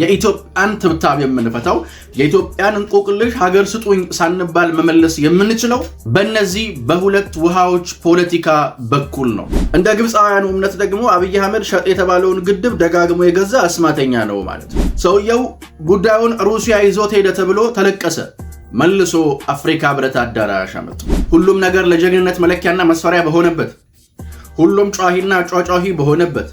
የኢትዮጵያን ትብታብ የምንፈታው የኢትዮጵያን እንቆቅልሽ ሀገር ስጡኝ ሳንባል መመለስ የምንችለው በእነዚህ በሁለት ውሃዎች ፖለቲካ በኩል ነው። እንደ ግብፃውያኑ እምነት ደግሞ አብይ አህመድ ሸጥ የተባለውን ግድብ ደጋግሞ የገዛ አስማተኛ ነው ማለት ነው። ሰውየው ጉዳዩን ሩሲያ ይዞት ሄደ ተብሎ ተለቀሰ። መልሶ አፍሪካ ህብረት አዳራሽ አመጡ። ሁሉም ነገር ለጀግንነት መለኪያና መስፈሪያ በሆነበት፣ ሁሉም ጨዋሂና ጫጫሂ በሆነበት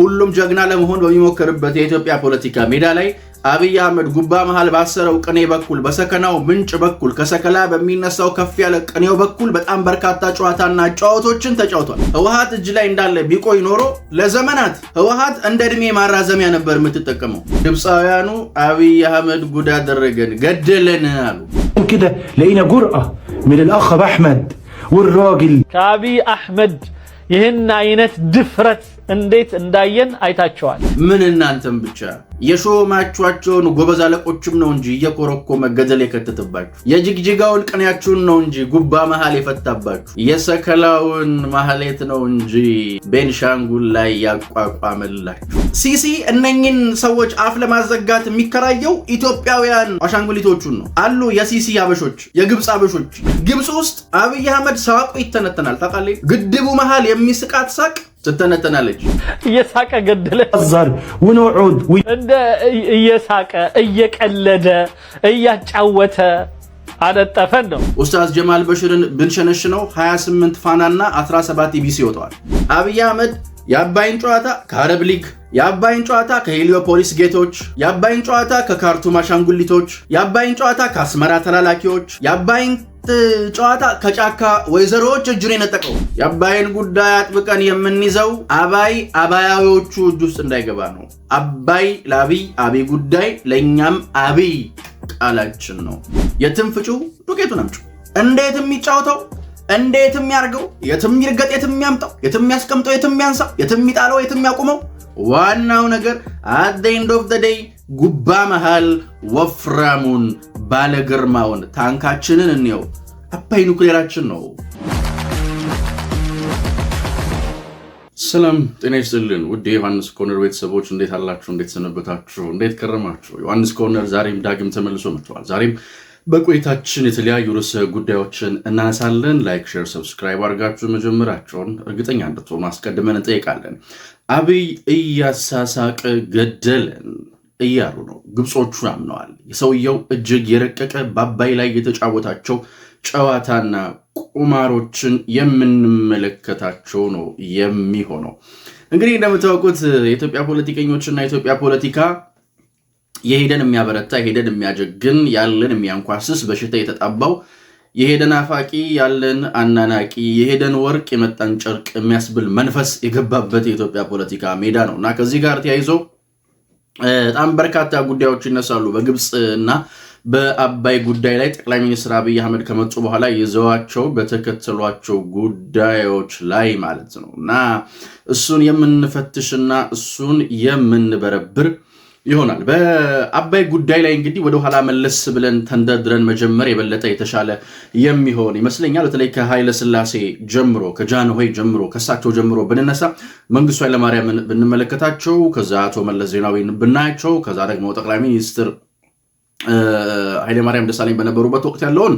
ሁሉም ጀግና ለመሆን በሚሞክርበት የኢትዮጵያ ፖለቲካ ሜዳ ላይ አብይ አህመድ ጉባ መሃል ባሰረው ቅኔ በኩል በሰከናው ምንጭ በኩል ከሰከላ በሚነሳው ከፍ ያለ ቅኔው በኩል በጣም በርካታ ጨዋታና ጨዋቶችን ተጫውቷል። ህወሀት እጅ ላይ እንዳለ ቢቆይ ኖሮ ለዘመናት ህወሀት እንደ እድሜ ማራዘሚያ ነበር የምትጠቀመው። ግብፃውያኑ አብይ አህመድ ጉድ አደረገን ገደለን አሉ። كده لقينا جرأة من الأخ أحمد والراجل ከአብይ አህመድ ይህን አይነት ድፍረት እንዴት እንዳየን አይታቸዋል። ምን እናንተም ብቻ የሾማችኋቸውን ጎበዝ አለቆችም ነው እንጂ እየኮረኮመ ገደል የከተተባችሁ የጅግጅጋውን ቅኔያችሁን ነው እንጂ ጉባ መሃል የፈታባችሁ የሰከላውን ማህሌት ነው እንጂ ቤንሻንጉል ላይ ያቋቋመላችሁ ሲሲ እነኝን ሰዎች አፍ ለማዘጋት የሚከራየው ኢትዮጵያውያን አሻንጉሊቶቹን ነው አሉ። የሲሲ አበሾች፣ የግብፅ አበሾች። ግብፅ ውስጥ አብይ አህመድ ሳቁ ይተነተናል። ታውቃለህ ግድቡ መሃል የሚስቃት ሳቅ ስትነጠናለች እየሳቀ ገደለ። ዛር ውንዑድ እንደ እየሳቀ እየቀለደ እያጫወተ አነጠፈን ነው። ኡስታዝ ጀማል በሽርን ብንሸነሽነው 28 ፋናና 17 ኢቢሲ ይወጣዋል። አብይ አህመድ የአባይን ጨዋታ ከአረብ ሊግ የአባይን ጨዋታ ከሄሊዮፖሊስ ጌቶች የአባይን ጨዋታ ከካርቱም አሻንጉሊቶች የአባይን ጨዋታ ከአስመራ ተላላኪዎች የአባይን ጨዋታ ከጫካ ወይዘሮዎች እጁን የነጠቀው የአባይን ጉዳይ አጥብቀን የምንይዘው አባይ አባያዎቹ እጅ ውስጥ እንዳይገባ ነው። አባይ ለአብይ አብይ ጉዳይ ለእኛም አብይ ቃላችን ነው። የትም ፍጩ ዱቄቱን አምጩ፣ እንዴት የሚጫወተው እንዴት የሚያርገው፣ የትም ይርገጥ፣ የትም ያምጣው፣ የትም ያስቀምጠው፣ የትም ያንሳ፣ የትም ይጣለው፣ የትም ያቁመው፣ ዋናው ነገር አት ኤንድ ኦፍ ዘ ዴይ ጉባ መሃል ወፍራሙን ባለግርማውን ታንካችንን እንየው። አባይ ኑክሌራችን ነው። ሰላም ጤና ይስጥልን ውድ የዮሐንስ ኮርነር ቤተሰቦች እንዴት አላችሁ? እንዴት ሰነበታችሁ? እንዴት ከረማችሁ? ዮሐንስ ኮርነር ዛሬም ዳግም ተመልሶ መጥተዋል። ዛሬም በቆይታችን የተለያዩ ርዕሰ ጉዳዮችን እናነሳለን። ላይክ፣ ሼር፣ ሰብስክራይብ አድርጋችሁ መጀመራቸውን እርግጠኛ እንድትሆኑ አስቀድመን እንጠይቃለን። አብይ እያሳሳቅ ገደለን እያሉ ነው። ግብጾቹ አምነዋል። የሰውየው እጅግ የረቀቀ በአባይ ላይ የተጫወታቸው ጨዋታና ቁማሮችን የምንመለከታቸው ነው የሚሆነው። እንግዲህ እንደምታውቁት የኢትዮጵያ ፖለቲከኞችና የኢትዮጵያ ፖለቲካ የሄደን የሚያበረታ የሄደን የሚያጀግን ያለን የሚያንኳስስ በሽታ የተጣባው የሄደን አፋቂ ያለን አናናቂ የሄደን ወርቅ የመጣን ጨርቅ የሚያስብል መንፈስ የገባበት የኢትዮጵያ ፖለቲካ ሜዳ ነው እና ከዚህ ጋር ተያይዞ በጣም በርካታ ጉዳዮች ይነሳሉ በግብፅ እና በአባይ ጉዳይ ላይ ጠቅላይ ሚኒስትር አብይ አህመድ ከመጡ በኋላ ይዘዋቸው በተከተሏቸው ጉዳዮች ላይ ማለት ነው እና እሱን የምንፈትሽና እሱን የምንበረብር ይሆናል። በአባይ ጉዳይ ላይ እንግዲህ ወደኋላ መለስ ብለን ተንደርድረን መጀመር የበለጠ የተሻለ የሚሆን ይመስለኛል። በተለይ ከኃይለ ስላሴ ጀምሮ ከጃንሆይ ጀምሮ ከእሳቸው ጀምሮ ብንነሳ መንግስቱ ኃይለማርያምን ብንመለከታቸው፣ ከዛ አቶ መለስ ዜናዊን ብናያቸው፣ ከዛ ደግሞ ጠቅላይ ሚኒስትር ኃይለማርያም ደሳለኝ በነበሩበት ወቅት ያለውን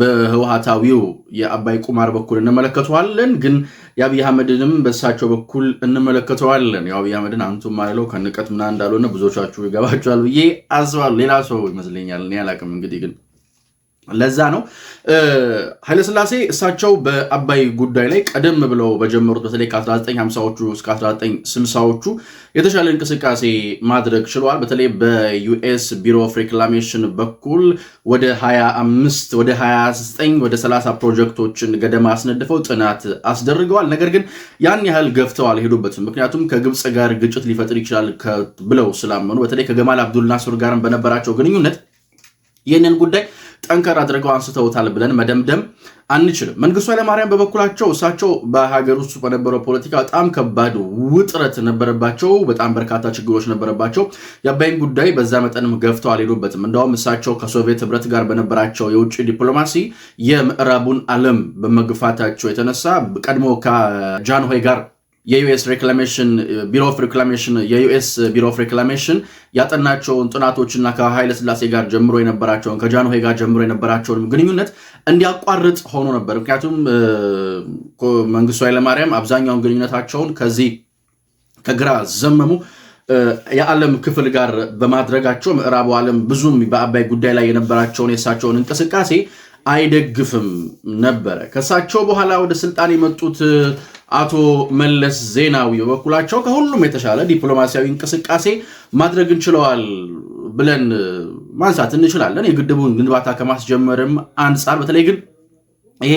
በህወሀታዊው የአባይ ቁማር በኩል እንመለከተዋለን። ግን የአብይ አህመድንም በእሳቸው በኩል እንመለከተዋለን። የአብይ አህመድን አንቱም ማለለው ከንቀት ምና እንዳልሆነ ብዙዎቻችሁ ይገባችኋል ብዬ አስባለሁ። ሌላ ሰው ይመስለኛል እኔ አላቅም እንግዲህ ግን ለዛ ነው ኃይለስላሴ እሳቸው በአባይ ጉዳይ ላይ ቀደም ብለው በጀመሩት በተለይ ከ1950ዎቹ እስከ 1960ዎቹ የተሻለ እንቅስቃሴ ማድረግ ችለዋል። በተለይ በዩኤስ ቢሮ ኦፍ ሪክላሜሽን በኩል ወደ 25 ወደ 29 ወደ 30 ፕሮጀክቶችን ገደማ አስነድፈው ጥናት አስደርገዋል። ነገር ግን ያን ያህል ገፍተው አልሄዱበትም። ምክንያቱም ከግብፅ ጋር ግጭት ሊፈጥር ይችላል ብለው ስላመኑ፣ በተለይ ከገማል አብዱልናስር ጋርም በነበራቸው ግንኙነት ይህንን ጉዳይ ጠንከር አድርገው አንስተውታል ብለን መደምደም አንችልም። መንግስቱ ኃይለማርያም በበኩላቸው እሳቸው በሀገር ውስጥ በነበረው ፖለቲካ በጣም ከባድ ውጥረት ነበረባቸው፣ በጣም በርካታ ችግሮች ነበረባቸው። የአባይን ጉዳይ በዛ መጠንም ገፍተው አልሄዱበትም። እንደውም እሳቸው ከሶቪየት ህብረት ጋር በነበራቸው የውጭ ዲፕሎማሲ የምዕራቡን ዓለም በመግፋታቸው የተነሳ ቀድሞ ከጃንሆይ ጋር የዩኤስ ሬክላሜሽን ቢሮ ኦፍ ሬክላሜሽን የዩኤስ ቢሮ ኦፍ ሬክላሜሽን ያጠናቸውን ጥናቶችና ከኃይለ ስላሴ ጋር ጀምሮ የነበራቸውን ከጃንሆይ ጋር ጀምሮ የነበራቸውን ግንኙነት እንዲያቋርጥ ሆኖ ነበር። ምክንያቱም መንግስቱ ኃይለማርያም አብዛኛውን ግንኙነታቸውን ከዚህ ከግራ ዘመሙ የዓለም ክፍል ጋር በማድረጋቸው ምዕራቡ ዓለም ብዙም በአባይ ጉዳይ ላይ የነበራቸውን የእሳቸውን እንቅስቃሴ አይደግፍም ነበረ። ከእሳቸው በኋላ ወደ ስልጣን የመጡት አቶ መለስ ዜናዊ በበኩላቸው ከሁሉም የተሻለ ዲፕሎማሲያዊ እንቅስቃሴ ማድረግ እንችለዋል ብለን ማንሳት እንችላለን። የግድቡን ግንባታ ከማስጀመርም አንጻር በተለይ ግን ይሄ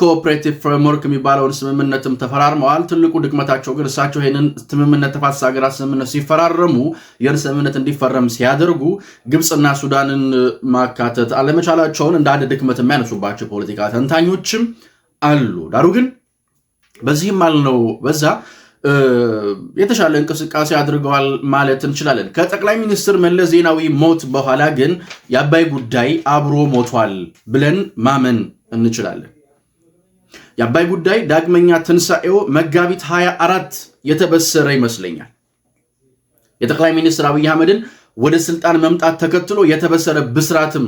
ኮኦፕሬቲቭ ፍሬምወርክ የሚባለውን ስምምነትም ተፈራርመዋል። ትልቁ ድክመታቸው ግን እሳቸው ይህንን ስምምነት ተፋሰስ ሀገራት ስምምነት ሲፈራረሙ ይህን ስምምነት እንዲፈረም ሲያደርጉ ግብፅና ሱዳንን ማካተት አለመቻላቸውን እንደ አንድ ድክመት የሚያነሱባቸው ፖለቲካ ተንታኞችም አሉ። ዳሩ ግን በዚህም ነው በዛ የተሻለ እንቅስቃሴ አድርገዋል ማለት እንችላለን። ከጠቅላይ ሚኒስትር መለስ ዜናዊ ሞት በኋላ ግን የአባይ ጉዳይ አብሮ ሞቷል ብለን ማመን እንችላለን። የአባይ ጉዳይ ዳግመኛ ትንሣኤው መጋቢት 24 የተበሰረ ይመስለኛል። የጠቅላይ ሚኒስትር አብይ አህመድን ወደ ስልጣን መምጣት ተከትሎ የተበሰረ ብስራትም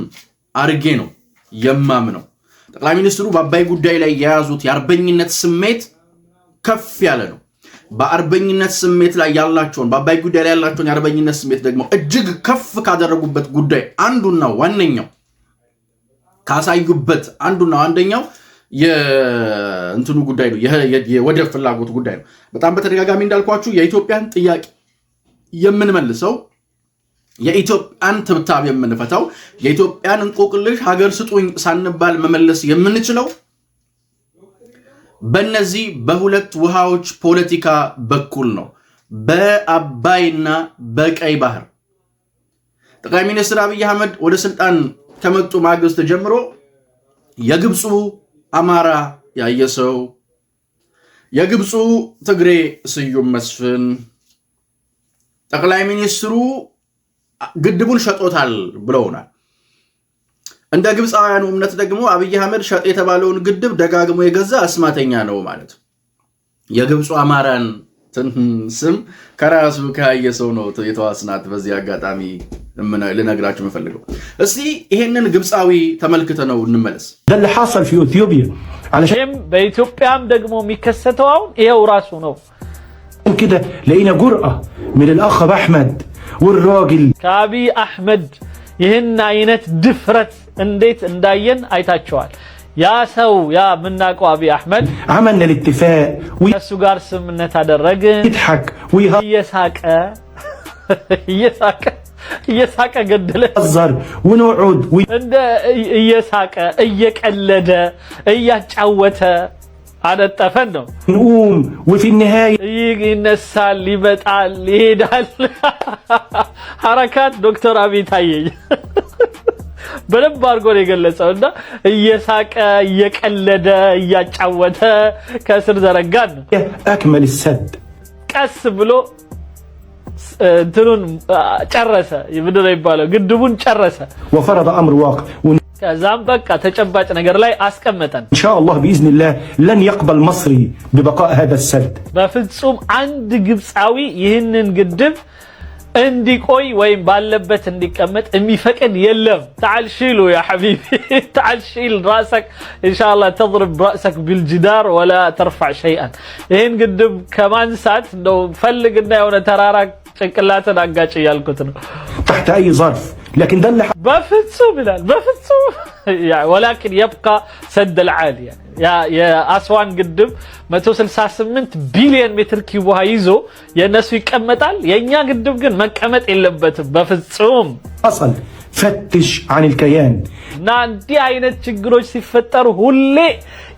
አርጌ ነው የማምነው። ጠቅላይ ሚኒስትሩ በአባይ ጉዳይ ላይ የያዙት የአርበኝነት ስሜት ከፍ ያለ ነው። በአርበኝነት ስሜት ላይ ያላቸውን በአባይ ጉዳይ ላይ ያላቸውን የአርበኝነት ስሜት ደግሞ እጅግ ከፍ ካደረጉበት ጉዳይ አንዱና ዋነኛው ካሳዩበት አንዱና ዋንደኛው የእንትኑ ጉዳይ ነው፣ የወደብ ፍላጎት ጉዳይ ነው። በጣም በተደጋጋሚ እንዳልኳችሁ የኢትዮጵያን ጥያቄ የምንመልሰው የኢትዮጵያን ትብታብ የምንፈታው የኢትዮጵያን እንቆቅልሽ ሀገር ስጡኝ ሳንባል መመለስ የምንችለው በእነዚህ በሁለት ውሃዎች ፖለቲካ በኩል ነው፣ በአባይና በቀይ ባህር። ጠቅላይ ሚኒስትር አብይ አህመድ ወደ ስልጣን ከመጡ ማግስት ጀምሮ የግብፁ አማራ ያየ ሰው፣ የግብፁ ትግሬ ስዩም መስፍን ጠቅላይ ሚኒስትሩ ግድቡን ሸጦታል ብለውናል። እንደ ግብፃውያኑ እምነት ደግሞ አብይ አህመድ ሸጥ የተባለውን ግድብ ደጋግሞ የገዛ አስማተኛ ነው ማለት የግብፁ አማራን ስም ከራሱ ከያየ ሰው ነው የተዋስናት። በዚህ አጋጣሚ ልነግራችሁ የምፈልገው እስቲ ይሄንን ግብፃዊ ተመልክተ ነው እንመለስ። ለሐሰል በኢትዮጵያም ደግሞ የሚከሰተው አሁን ይሄው ራሱ ነው። كده لقينا جرأة من الأخ أحمد والراجل ከአብይ አህመድ ይህን አይነት ድፍረት እንዴት እንዳየን አይታቸዋል። ያ ሰው ያ የምናውቀው አብይ አሕመድ አመልና ልትፋቅ ከእሱ ጋር ስምምነት አደረግን። እየሳቀ እየሳቀ እየሳቀ ገደለ ዘር ወንዑድ እንደ እየሳቀ እየቀለደ እያጫወተ አነጠፈን ነው። ንኡም ወፊ ነሃይ ይነሳል፣ ይመጣል፣ ይሄዳል። ሐረካት ዶክተር አብይ ታየኝ በደንብ አድርጎ ነው የገለጸው እና እየሳቀ እየቀለደ እያጫወተ ከስር ዘረጋን ነው አክመል ሰድ ቀስ ብሎ እንትኑን ጨረሰ። ምንድን ነው የሚባለው? ግድቡን ጨረሰ። ወፈረደ አምር ዋቅ ከዛም በቃ ተጨባጭ ነገር ላይ አስቀመጠን። ኢንሻአላህ ቢኢዝኒላህ ለን የቅበል መስሪ ቢበቃ هذا السد በፍጹም አንድ ግብፃዊ ይህንን ግድብ እንዲቆይ ወይም ባለበት እንዲቀመጥ የሚፈቅድ የለም። ተዓል ሺሉ ያ ሐቢቢ ተዓል ሺል ራሰክ ኢንሻአላህ ተድርብ ራሰክ ቢልጅዳር ወላ ተርፋዕ ሸይአን። ይህን ግድብ ከማንሳት እንደው ፈልግና የሆነ ተራራ ጭንቅላትን አጋጭ እያልኩት ነው። ተሕተ አይ ظርፍ ለኪን ደለ በፍጹም ይላል። በፍጹም ወላኪን የብቃ ሰደል ዓሊያ የአስዋን ግድብ 168 ቢሊዮን ሜትር ኪዩብ ውሃ ይዞ የእነሱ ይቀመጣል። የእኛ ግድብ ግን መቀመጥ የለበትም በፍጹም። ፈትሽ አኒል ከያን እና እንዲህ አይነት ችግሮች ሲፈጠሩ ሁሌ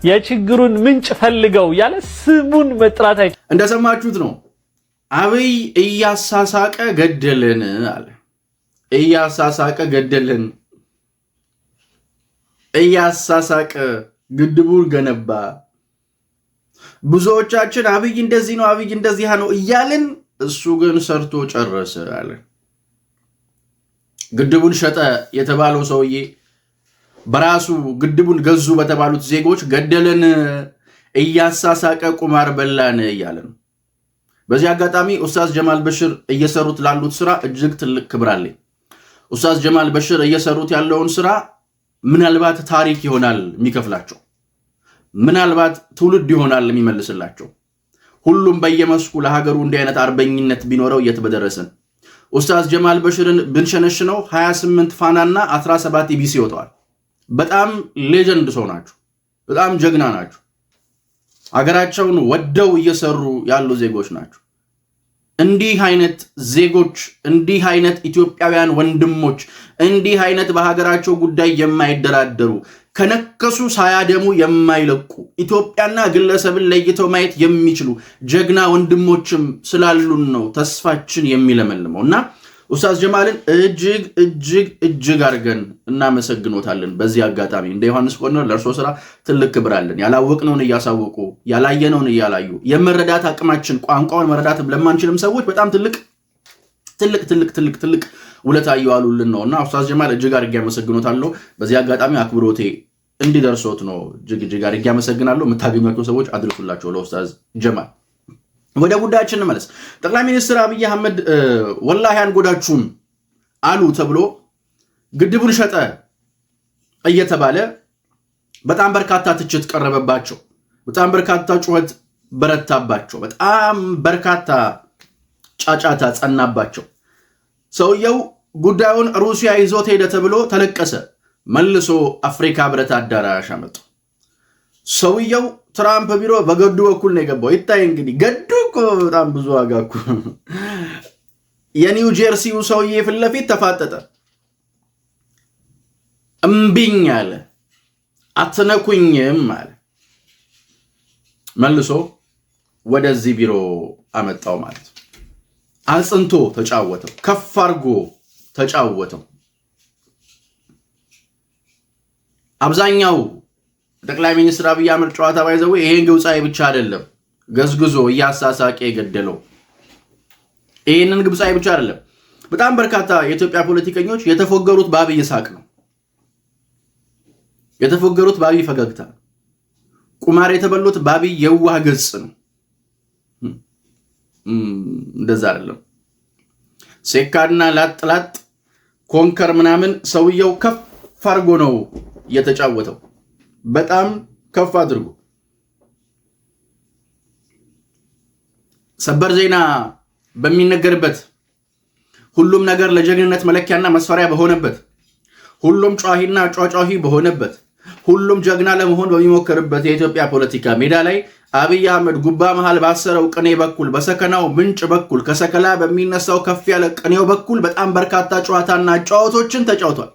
የችግሩን ምንጭ ፈልገው ያለ ስሙን መጥራት እንደሰማችሁት ነው። አብይ እያሳሳቀ ገደልን አለ። እያሳሳቀ ገደልን፣ እያሳሳቀ ግድቡን ገነባ። ብዙዎቻችን አብይ እንደዚህ ነው፣ አብይ እንደዚያ ነው እያልን እሱ ግን ሰርቶ ጨረሰ አለ። ግድቡን ሸጠ የተባለው ሰውዬ በራሱ ግድቡን ገዙ በተባሉት ዜጎች ገደልን፣ እያሳሳቀ ቁማር በላን እያለ ነው። በዚህ አጋጣሚ ኡስታዝ ጀማል በሽር እየሰሩት ላሉት ስራ እጅግ ትልቅ ክብር አለኝ። ኡስታዝ ጀማል በሽር እየሰሩት ያለውን ስራ ምናልባት ታሪክ ይሆናል የሚከፍላቸው፣ ምናልባት ትውልድ ይሆናል የሚመልስላቸው። ሁሉም በየመስኩ ለሀገሩ እንዲህ አይነት አርበኝነት ቢኖረው የት በደረስን። ኡስታዝ ጀማል በሽርን ብንሸነሽነው 28 ፋናና 17 ኢቢሲ ይወጠዋል። በጣም ሌጀንድ ሰው ናቸው። በጣም ጀግና ናቸው። አገራቸውን ወደው እየሰሩ ያሉ ዜጎች ናቸው። እንዲህ አይነት ዜጎች እንዲህ አይነት ኢትዮጵያውያን ወንድሞች እንዲህ አይነት በሀገራቸው ጉዳይ የማይደራደሩ ከነከሱ ሳያደሙ የማይለቁ ኢትዮጵያና ግለሰብን ለይተው ማየት የሚችሉ ጀግና ወንድሞችም ስላሉን ነው ተስፋችን የሚለመልመው እና ኡስታዝ ጀማልን እጅግ እጅግ እጅግ አድርገን እናመሰግኖታለን። በዚህ አጋጣሚ እንደ ዮሐንስ ኮርነር ለእርሶ ስራ ትልቅ ክብር አለን። ያላወቅነውን እያሳወቁ ያላየነውን እያላዩ የመረዳት አቅማችን ቋንቋውን መረዳት ለማንችልም ሰዎች በጣም ትልቅ ትልቅ ትልቅ ትልቅ ትልቅ ውለታ እየዋሉልን ነው እና ኡስታዝ ጀማል እጅግ አድርጌ አመሰግኖታለሁ። በዚህ አጋጣሚ አክብሮቴ እንዲደርሶት ነው። እጅግ እጅግ አድርጌ አመሰግናለሁ። የምታገኟቸው ሰዎች አድርሱላቸው ለኡስታዝ ጀማል። ወደ ጉዳያችን እንመለስ። ጠቅላይ ሚኒስትር አብይ አህመድ ወላሂ አንጎዳችሁም አሉ ተብሎ ግድቡን ሸጠ እየተባለ በጣም በርካታ ትችት ቀረበባቸው። በጣም በርካታ ጩኸት በረታባቸው። በጣም በርካታ ጫጫታ ጸናባቸው። ሰውየው ጉዳዩን ሩሲያ ይዞት ሄደ ተብሎ ተለቀሰ። መልሶ አፍሪካ ህብረት አዳራሽ አመጡ። ሰውየው ትራምፕ ቢሮ በገዱ በኩል ነው የገባው። ይታይ እንግዲህ ገዱ እኮ በጣም ብዙ ዋጋ እኮ የኒው ጀርሲው ሰውዬ ፊት ለፊት ተፋጠጠ። እምቢኝ አለ፣ አትነኩኝም አለ። መልሶ ወደዚህ ቢሮ አመጣው ማለት አጽንቶ ተጫወተው፣ ከፍ አድርጎ ተጫወተው። አብዛኛው ጠቅላይ ሚኒስትር አብይ አህመድ ጨዋታ ባይዘው ይሄን ግብፃዊ ብቻ አይደለም ገዝግዞ እያሳሳቀ የገደለው። ይህንን ግብፃዊ ብቻ አይደለም በጣም በርካታ የኢትዮጵያ ፖለቲከኞች የተፎገሩት በአብይ ሳቅ ነው። የተፎገሩት በአብይ ፈገግታ ነው። ቁማር የተበሉት በአብይ የዋህ ገጽ ነው። እንደዛ አይደለም። ሴካና ላጥላጥ ኮንከር ምናምን ሰውየው ከፍ አድርጎ ነው የተጫወተው። በጣም ከፍ አድርጉ። ሰበር ዜና በሚነገርበት ሁሉም ነገር ለጀግንነት መለኪያና መስፈሪያ በሆነበት ሁሉም ጨዋሂና ጫጫሂ በሆነበት ሁሉም ጀግና ለመሆን በሚሞክርበት የኢትዮጵያ ፖለቲካ ሜዳ ላይ አብይ አህመድ ጉባ መሃል ባሰረው ቅኔ በኩል በሰከናው ምንጭ በኩል ከሰከላ በሚነሳው ከፍ ያለ ቅኔው በኩል በጣም በርካታ ጨዋታና ጨዋቶችን ተጫውቷል።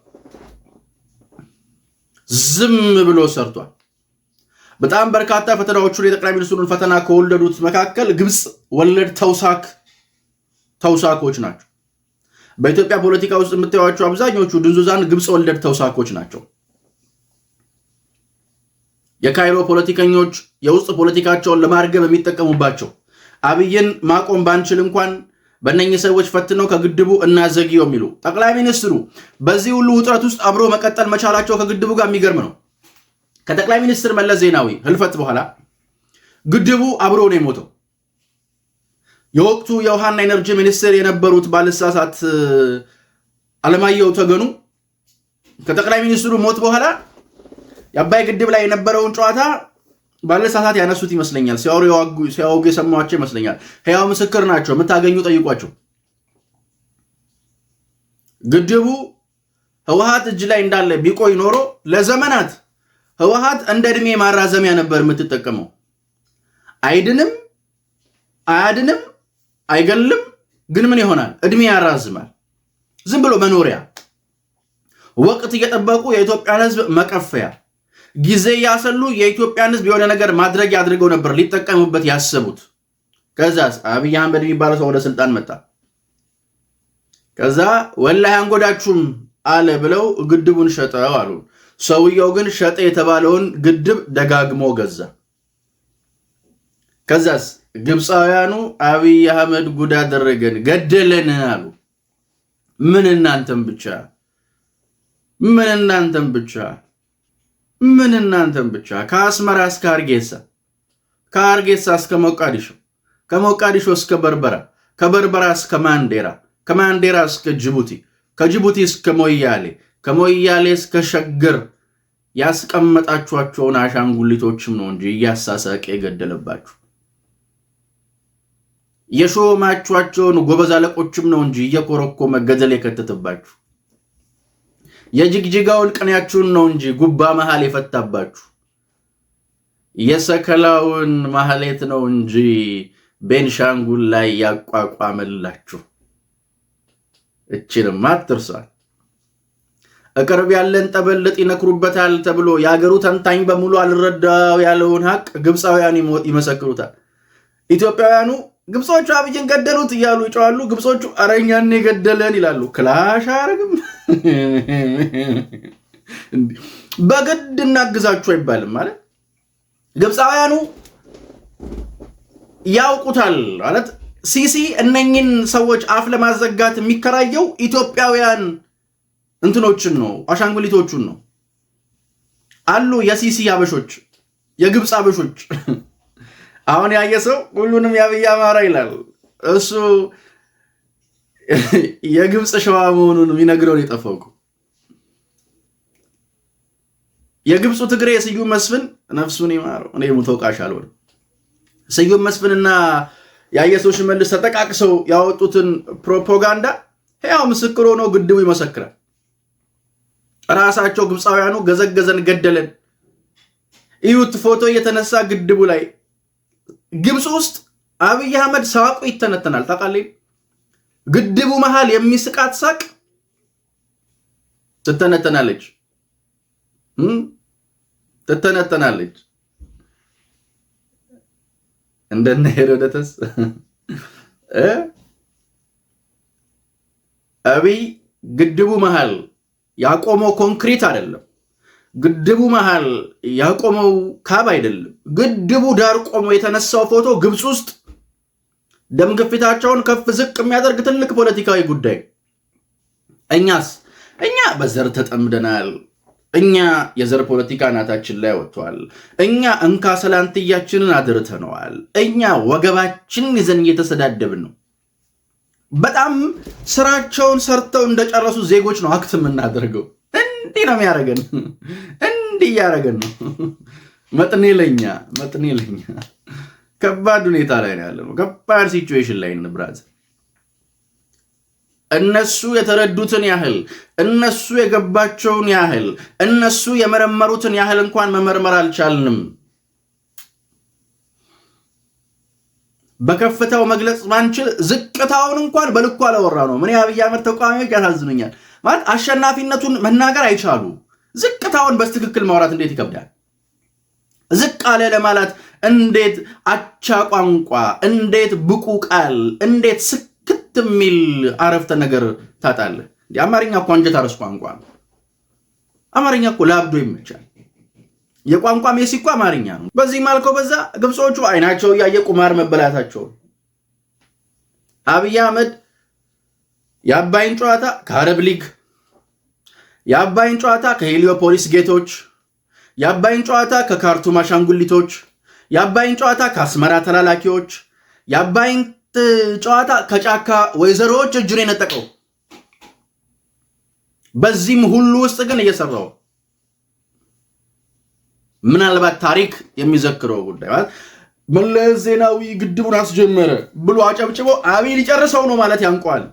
ዝም ብሎ ሰርቷል። በጣም በርካታ ፈተናዎቹን የጠቅላይ ሚኒስትሩን ፈተና ከወለዱት መካከል ግብፅ ወለድ ተውሳክ ተውሳኮች ናቸው። በኢትዮጵያ ፖለቲካ ውስጥ የምታዩቸው አብዛኞቹ ድንዙዛን ግብፅ ወለድ ተውሳኮች ናቸው። የካይሮ ፖለቲከኞች የውስጥ ፖለቲካቸውን ለማርገብ የሚጠቀሙባቸው አብይን ማቆም ባንችል እንኳን በእነኚህ ሰዎች ፈትነው ከግድቡ እናዘግየው የሚሉ ጠቅላይ ሚኒስትሩ በዚህ ሁሉ ውጥረት ውስጥ አብሮ መቀጠል መቻላቸው ከግድቡ ጋር የሚገርም ነው። ከጠቅላይ ሚኒስትር መለስ ዜናዊ ህልፈት በኋላ ግድቡ አብሮ ነው የሞተው። የወቅቱ የውሃና ኤነርጂ ሚኒስትር የነበሩት ባልሳሳት አለማየሁ ተገኑ ከጠቅላይ ሚኒስትሩ ሞት በኋላ የአባይ ግድብ ላይ የነበረውን ጨዋታ ሰዓታት ያነሱት ይመስለኛል። ሲያወጉ የሰማቸው ይመስለኛል። ህያው ምስክር ናቸው። የምታገኙ ጠይቋቸው። ግድቡ ህወሀት እጅ ላይ እንዳለ ቢቆይ ኖሮ ለዘመናት ህወሀት እንደ እድሜ ማራዘሚያ ነበር የምትጠቀመው። አይድንም፣ አያድንም፣ አይገልም። ግን ምን ይሆናል? እድሜ ያራዝማል። ዝም ብሎ መኖሪያ ወቅት እየጠበቁ የኢትዮጵያን ህዝብ መቀፈያ ጊዜ ያሰሉ የኢትዮጵያን ህዝብ የሆነ ነገር ማድረግ ያድርገው ነበር ሊጠቀሙበት ያሰቡት። ከዛ አብይ አህመድ የሚባለው ሰው ወደ ስልጣን መጣ። ከዛ ወላሂ አንጎዳችሁም አለ ብለው ግድቡን ሸጠው አሉ። ሰውየው ግን ሸጠ የተባለውን ግድብ ደጋግሞ ገዛ። ከዛስ ግብፃውያኑ አብይ አህመድ ጉድ አደረገን ገደለን አሉ። ምን እናንተም ብቻ ምን እናንተም ብቻ ምን እናንተን ብቻ ከአስመራ እስከ አርጌሳ፣ ከአርጌሳ እስከ ሞቃዲሾ፣ ከሞቃዲሾ እስከ በርበራ፣ ከበርበራ እስከ ማንዴራ፣ ከማንዴራ እስከ ጅቡቲ፣ ከጅቡቲ እስከ ሞያሌ፣ ከሞያሌ እስከ ሸገር ያስቀመጣችኋቸውን አሻንጉሊቶችም ነው እንጂ እያሳሳቀ የገደለባችሁ የሾማችኋቸውን ጎበዝ አለቆችም ነው እንጂ እየኮረኮመ ገደል የከተተባችሁ የጅግጅጋው ዕልቅኔያችሁን ነው እንጂ ጉባ መሃል የፈታባችሁ የሰከላውን ማህሌት ነው እንጂ ቤንሻንጉል ላይ ያቋቋመላችሁ። እችንም አትርሷል። እቅርብ ያለን ጠበልጥ ይነክሩበታል ተብሎ የአገሩ ተንታኝ በሙሉ አልረዳው ያለውን ሀቅ ግብፃውያን ይመሰክሩታል። ኢትዮጵያውያኑ ግብጾቹ አብይን ገደሉት እያሉ ይጨዋሉ። ግብጾቹ አረኛን የገደለን ይላሉ። ክላሽ አያረግም። በግድ እናግዛችሁ አይባልም ማለት ግብፃውያኑ ያውቁታል ማለት ሲሲ እነኝን ሰዎች አፍ ለማዘጋት የሚከራየው ኢትዮጵያውያን እንትኖችን ነው፣ አሻንጉሊቶቹን ነው አሉ። የሲሲ አበሾች፣ የግብፅ አበሾች አሁን ያየ ሰው ሁሉንም የአብይ አማራ ይላል። እሱ የግብፅ ሸዋ መሆኑን የሚነግረውን የጠፋው የግብፁ ትግሬ ስዩም መስፍን ነፍሱን ይማረው። እኔ ሙተውቃሽ አልሆነ ስዩም መስፍንና ሰው ሽመልስ ተጠቃቅሰው ያወጡትን ፕሮፓጋንዳ ያው ምስክር ሆኖ ግድቡ ይመሰክራል። ራሳቸው ግብፃውያኑ ገዘገዘን፣ ገደለን፣ እዩት ፎቶ እየተነሳ ግድቡ ላይ ግብፅ ውስጥ አብይ አህመድ ሳቁ ይተነተናል። ታውቃለህ፣ ግድቡ መሃል የሚስቃት ሳቅ ትተነተናለች ትተነተናለች። እንደነ ሄሮደተስ አብይ ግድቡ መሃል ያቆመው ኮንክሪት አይደለም ግድቡ መሃል ያቆመው ካብ አይደለም። ግድቡ ዳር ቆሞ የተነሳው ፎቶ ግብፅ ውስጥ ደም ግፊታቸውን ከፍ ዝቅ የሚያደርግ ትልቅ ፖለቲካዊ ጉዳይ። እኛስ እኛ በዘር ተጠምደናል። እኛ የዘር ፖለቲካ እናታችን ላይ ወጥቷል። እኛ እንካ ሰላንትያችንን አድርተነዋል። እኛ ወገባችንን ይዘን እየተሰዳደብን ነው። በጣም ስራቸውን ሰርተው እንደጨረሱ ዜጎች ነው አክት የምናደርገው። እንዲህ ነው የሚያደርገን። እንዲህ እያደረገን ነው። መጥኔ ለኛ መጥኔ ለኛ ከባድ ሁኔታ ላይ ነው ያለ ነው። ከባድ ሲቹዌሽን ላይ ነው ብራዝ። እነሱ የተረዱትን ያህል እነሱ የገባቸውን ያህል እነሱ የመረመሩትን ያህል እንኳን መመርመር አልቻልንም። በከፍታው መግለጽ ማንችል ዝቅታውን እንኳን በልኩ አላወራ ነው። ምን የአብይ አህመድ ተቃዋሚዎች ያሳዝኑኛል። ማለት አሸናፊነቱን መናገር አይቻሉ። ዝቅታውን በስትክክል ማውራት እንዴት ይከብዳል። ዝቅ አለ ለማለት እንዴት አቻ ቋንቋ፣ እንዴት ብቁ ቃል፣ እንዴት ስክት የሚል አረፍተ ነገር ታጣለህ። እንዲህ አማርኛ እኮ አንጀት አረስ ቋንቋ ነው። አማርኛ እኮ ለአብዶ ይመቻል። የቋንቋ ሜሲ እኮ አማርኛ ነው። በዚህ ማልከው በዛ ግብፆቹ አይናቸው እያየ ቁማር መበላታቸው አብይ አህመድ የአባይን ጨዋታ ከአረብ ሊግ፣ የአባይን ጨዋታ ከሄሊዮፖሊስ ጌቶች፣ የአባይን ጨዋታ ከካርቱም አሻንጉሊቶች፣ የአባይን ጨዋታ ከአስመራ ተላላኪዎች፣ የአባይን ጨዋታ ከጫካ ወይዘሮዎች እጅ የነጠቀው። በዚህም ሁሉ ውስጥ ግን እየሰራው ምናልባት ታሪክ የሚዘክረው ጉዳይ ማለት መለስ ዜናዊ ግድቡን አስጀመረ ብሎ አጨብጭቦ አብይ ሊጨርሰው ነው ማለት ያንቋል።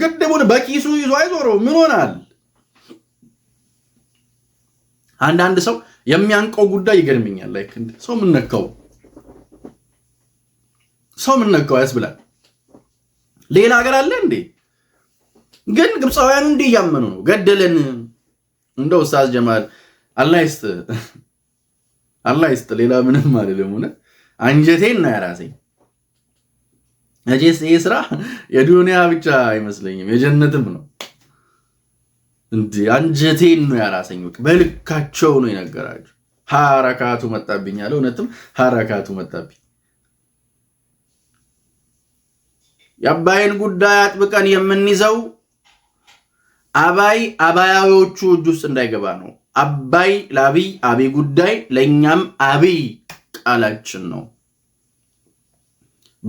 ግድቡን በኪሱ ይዞ አይዞረው። ምን ሆናል? አንዳንድ ሰው የሚያንቀው ጉዳይ ይገርምኛል። ላይክ ሰው ምን ነካው? ሰው ምን ነካው ያስብላል። ሌላ ሀገር አለ እንዴ? ግን ግብፃውያኑ እንዲህ እያመኑ ነው። ገደለን እንደው ኡስታዝ ጀማል አላህ ይስጥ፣ አላህ ይስጥ። ሌላ ምንም አይደለም። ሆነ አንጀቴን ነው ያራሰኝ። መቼስ ይሄ ስራ የዱንያ ብቻ አይመስለኝም የጀነትም ነው። እንዲ አንጀቴን ነው ያራሰኝ። በልካቸው ነው የነገራቸው። ሀረካቱ መጣብኝ አለ። እውነትም ሀረካቱ መጣብኝ። የአባይን ጉዳይ አጥብቀን የምንይዘው አባይ አባያዎቹ እጅ ውስጥ እንዳይገባ ነው። አባይ ለአብይ አብይ ጉዳይ ለእኛም አብይ ቃላችን ነው።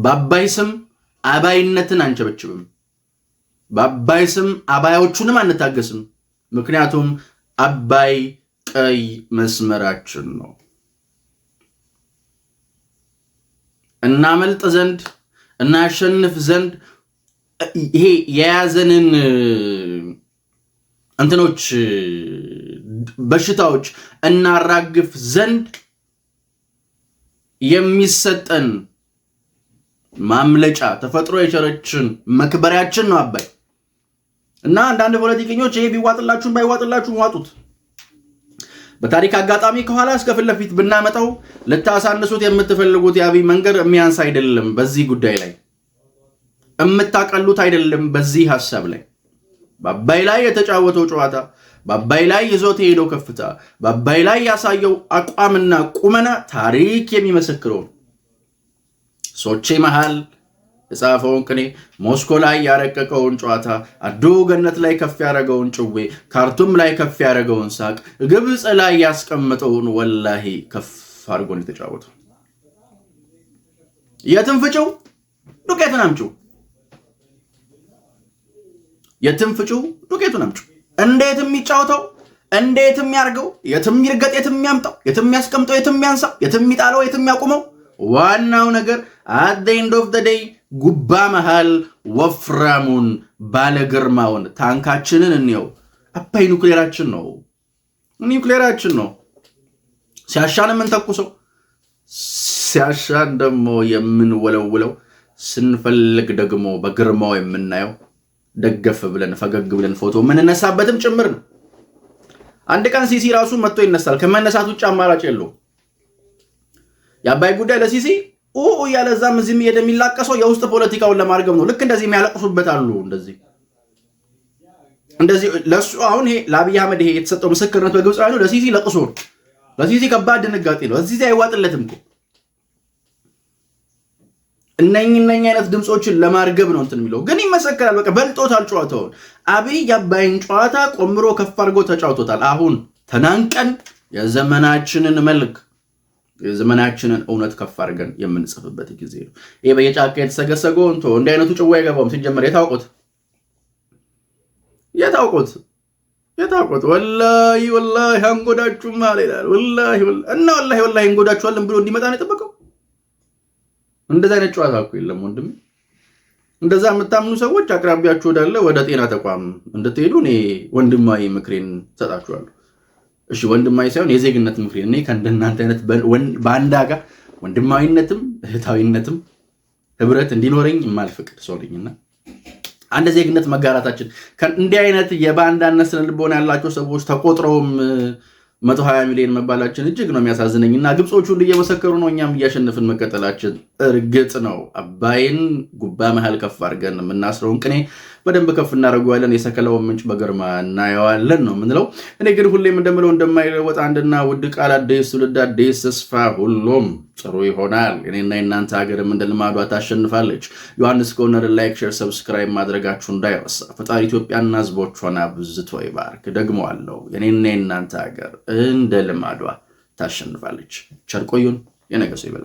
በአባይ ስም አባይነትን አንቸበችብም። በአባይ ስም አባዮቹንም አንታገስም። ምክንያቱም አባይ ቀይ መስመራችን ነው። እናመልጥ ዘንድ እናሸንፍ ዘንድ ይሄ የያዘንን እንትኖች በሽታዎች እናራግፍ ዘንድ የሚሰጠን ማምለጫ ተፈጥሮ የቸረችን መክበሪያችን ነው አባይ። እና አንዳንድ ፖለቲከኞች ይሄ ቢዋጥላችሁም ባይዋጥላችሁም ዋጡት። በታሪክ አጋጣሚ ከኋላ እስከ ፊት ለፊት ብናመጣው ልታሳንሱት የምትፈልጉት የአብይ መንገድ የሚያንስ አይደለም። በዚህ ጉዳይ ላይ የምታቀሉት አይደለም። በዚህ ሀሳብ ላይ በአባይ ላይ የተጫወተው ጨዋታ፣ በአባይ ላይ ይዞት የሄደው ከፍታ፣ በአባይ ላይ ያሳየው አቋምና ቁመና ታሪክ የሚመሰክረው ነው። ሶቺ መሃል የጻፈውን ቅኔ ሞስኮ ላይ ያረቀቀውን ጨዋታ አዱ ገነት ላይ ከፍ ያደረገውን ጭዌ ካርቱም ላይ ከፍ ያደረገውን ሳቅ ግብፅ ላይ ያስቀመጠውን ወላሂ ከፍ አድርጎን የተጫወተው የትም ፍጩ ዱቄቱን አምጩ፣ የትም ፍጩ ዱቄቱን አምጩ። እንዴት የሚጫወተው እንዴት የሚያርገው፣ የትም ይርገጥ፣ የትም ያምጣው፣ የትም ያስቀምጠው፣ የትም ያንሳ፣ የትም የሚጣለው የትም ያቁመው ዋናው ነገር አት ኤንድ ኦፍ ደይ ጉባ መሃል ወፍራሙን ባለግርማውን ታንካችንን እንየው። አባይ ኒውክሌራችን ነው፣ ኒውክሌራችን ነው። ሲያሻን የምንተኩሰው ሲያሻን ደግሞ የምንወለውለው፣ ስንፈልግ ደግሞ በግርማው የምናየው ደገፍ ብለን ፈገግ ብለን ፎቶ የምንነሳበትም ጭምር ነው። አንድ ቀን ሲሲ ራሱ መጥቶ ይነሳል። ከመነሳት ውጭ አማራጭ የለውም። የአባይ ጉዳይ ለሲሲ ኡ እያለ እዛም እዚህም የሚላቀሰው የውስጥ ፖለቲካውን ለማርገብ ነው። ልክ እንደዚህ የሚያለቅሱበት አሉ። እንደዚህ እንደዚህ ለሱ አሁን ይሄ ለአብይ አህመድ ይሄ የተሰጠው ምስክርነት በግብፅ ነው። ለሲሲ ለቅሶ ነው። ለሲሲ ከባድ ድንጋጤ ነው። ለሲሲ አይዋጥለትም እኮ እነኝ እነኝ አይነት ድምፆችን ለማርገብ ነው እንትን የሚለው ግን ይመሰከራል። በቃ በልጦታል ጨዋታውን። አብይ የአባይን ጨዋታ ቆምሮ ከፍ አድርጎ ተጫውቶታል። አሁን ተናንቀን የዘመናችንን መልክ ዘመናችንን እውነት ከፍ አድርገን የምንጽፍበት ጊዜ ነው። ይህ በየጫካ የተሰገሰገው እንቶ እንደ አይነቱ ጭዋ አይገባውም። ሲጀመር የታውቁት የታውቁት የታውቁት ወላሂ ወላሂ አንጎዳችሁም አለ ይላል። ወላሂ እና ወላሂ ወላሂ እንጎዳችኋለን ብሎ እንዲመጣ ነው የጠበቀው። እንደዚ አይነት ጨዋታ እኮ የለም ወንድም። እንደዛ የምታምኑ ሰዎች አቅራቢያችሁ ወዳለ ወደ ጤና ተቋም እንድትሄዱ እኔ ወንድማዊ ምክሬን ሰጣችኋለሁ። እሺ ወንድማዊ ሳይሆን የዜግነት ምክሬ እኔ ከእንደናንተ አይነት በአንድ ጋር ወንድማዊነትም እህታዊነትም ህብረት እንዲኖረኝ የማልፈቅድ ሰው ነኝና አንድ ዜግነት መጋራታችን እንዲህ አይነት የባንዳነት ስነ ልቦና ያላቸው ሰዎች ተቆጥረውም መቶ ሀያ ሚሊዮን መባላችን እጅግ ነው የሚያሳዝነኝ እና ግብጾቹ እየመሰከሩ ነው፣ እኛም እያሸነፍን መቀጠላችን እርግጥ ነው። አባይን ጉባ መሀል ከፍ አድርገን የምናስረውን ቅኔ በደንብ ከፍ እናደርገዋለን። የሰከላውን ምንጭ በግርማ እናየዋለን ነው የምንለው። እኔ ግን ሁሌም እንደምለው እንደማይለወጥ አንድና ውድ ቃል አዲስ ትውልድ አዲስ ተስፋ፣ ሁሉም ጥሩ ይሆናል። እኔና የእናንተ ሀገርም እንደ ልማዷ ታሸንፋለች። ዮሐንስ ኮርነር ላይክ፣ ሼር፣ ሰብስክራይብ ማድረጋችሁ እንዳይረሳ። ፈጣሪ ኢትዮጵያና ህዝቦቿን አብዝቶ ይባርክ። ደግመዋለሁ፣ እኔና የእናንተ ሀገር እንደ ልማዷ ታሸንፋለች። ቸር ቆዩን። የነገ ሰው